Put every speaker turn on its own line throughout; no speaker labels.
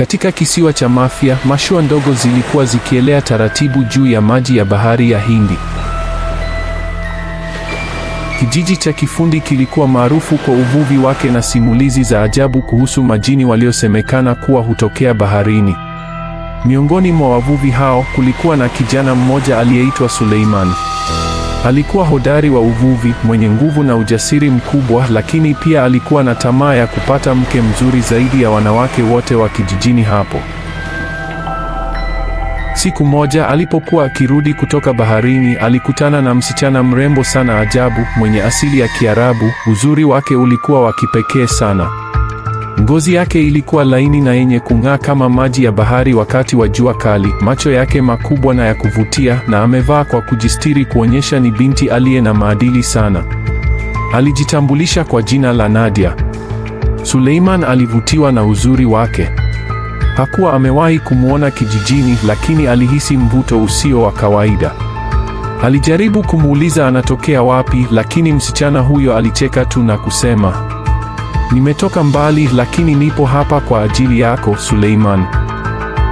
Katika kisiwa cha Mafia, mashua ndogo zilikuwa zikielea taratibu juu ya maji ya bahari ya Hindi. Kijiji cha Kifundi kilikuwa maarufu kwa uvuvi wake na simulizi za ajabu kuhusu majini waliosemekana kuwa hutokea baharini. Miongoni mwa wavuvi hao kulikuwa na kijana mmoja aliyeitwa Suleimani. Alikuwa hodari wa uvuvi, mwenye nguvu na ujasiri mkubwa, lakini pia alikuwa na tamaa ya kupata mke mzuri zaidi ya wanawake wote wa kijijini hapo. Siku moja alipokuwa akirudi kutoka baharini, alikutana na msichana mrembo sana ajabu, mwenye asili ya Kiarabu. Uzuri wake ulikuwa wa kipekee sana. Ngozi yake ilikuwa laini na yenye kung'aa kama maji ya bahari wakati wa jua kali, macho yake makubwa na ya kuvutia, na amevaa kwa kujistiri kuonyesha ni binti aliye na maadili sana. Alijitambulisha kwa jina la Nadia. Suleiman alivutiwa na uzuri wake. Hakuwa amewahi kumwona kijijini, lakini alihisi mvuto usio wa kawaida. Alijaribu kumuuliza anatokea wapi, lakini msichana huyo alicheka tu na kusema Nimetoka mbali lakini nipo hapa kwa ajili yako, Suleiman.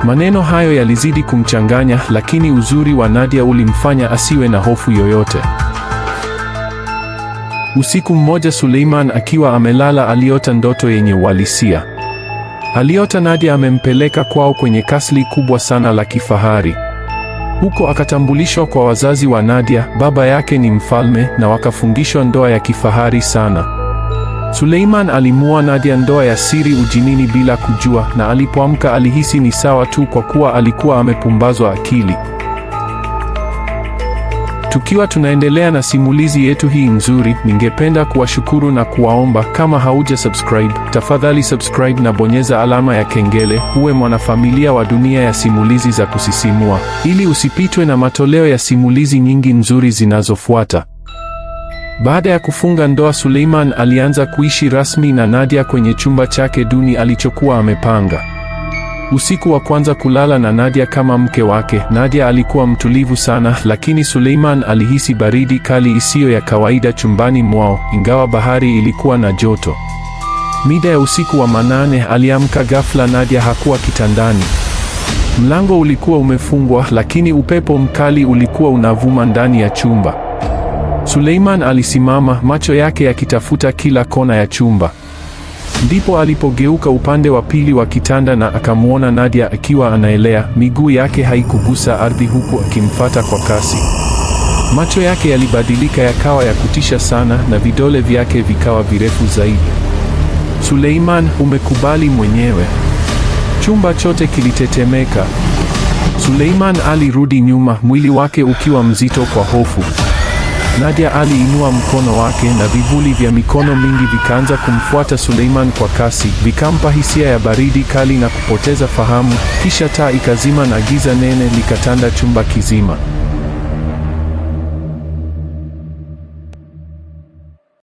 Maneno hayo yalizidi kumchanganya, lakini uzuri wa Nadia ulimfanya asiwe na hofu yoyote. Usiku mmoja, Suleiman akiwa amelala, aliota ndoto yenye uhalisia. Aliota Nadia amempeleka kwao kwenye kasli kubwa sana la kifahari. Huko akatambulishwa kwa wazazi wa Nadia, baba yake ni mfalme, na wakafungishwa ndoa ya kifahari sana. Suleiman alimua Nadia ndoa ya siri ujinini bila kujua, na alipoamka alihisi ni sawa tu kwa kuwa alikuwa amepumbazwa akili. Tukiwa tunaendelea na simulizi yetu hii nzuri, ningependa kuwashukuru na kuwaomba kama hauja subscribe, tafadhali subscribe na bonyeza alama ya kengele, uwe mwanafamilia wa Dunia ya Simulizi za Kusisimua, ili usipitwe na matoleo ya simulizi nyingi nzuri zinazofuata. Baada ya kufunga ndoa, Suleiman alianza kuishi rasmi na Nadia kwenye chumba chake duni alichokuwa amepanga. Usiku wa kwanza kulala na Nadia kama mke wake, Nadia alikuwa mtulivu sana, lakini Suleiman alihisi baridi kali isiyo ya kawaida chumbani mwao, ingawa bahari ilikuwa na joto. Mida ya usiku wa manane aliamka ghafla, Nadia hakuwa kitandani. Mlango ulikuwa umefungwa, lakini upepo mkali ulikuwa unavuma ndani ya chumba. Suleiman alisimama, macho yake yakitafuta kila kona ya chumba. Ndipo alipogeuka upande wa pili wa kitanda na akamwona Nadia akiwa anaelea, miguu yake haikugusa ardhi, huku akimfata kwa kasi. Macho yake yalibadilika yakawa ya kutisha sana na vidole vyake vikawa virefu zaidi. Suleiman, umekubali mwenyewe. Chumba chote kilitetemeka. Suleiman alirudi nyuma, mwili wake ukiwa mzito kwa hofu. Nadia aliinua mkono wake na vivuli vya mikono mingi vikaanza kumfuata Suleiman kwa kasi, vikampa hisia ya baridi kali na kupoteza fahamu. Kisha taa ikazima na giza nene likatanda chumba kizima.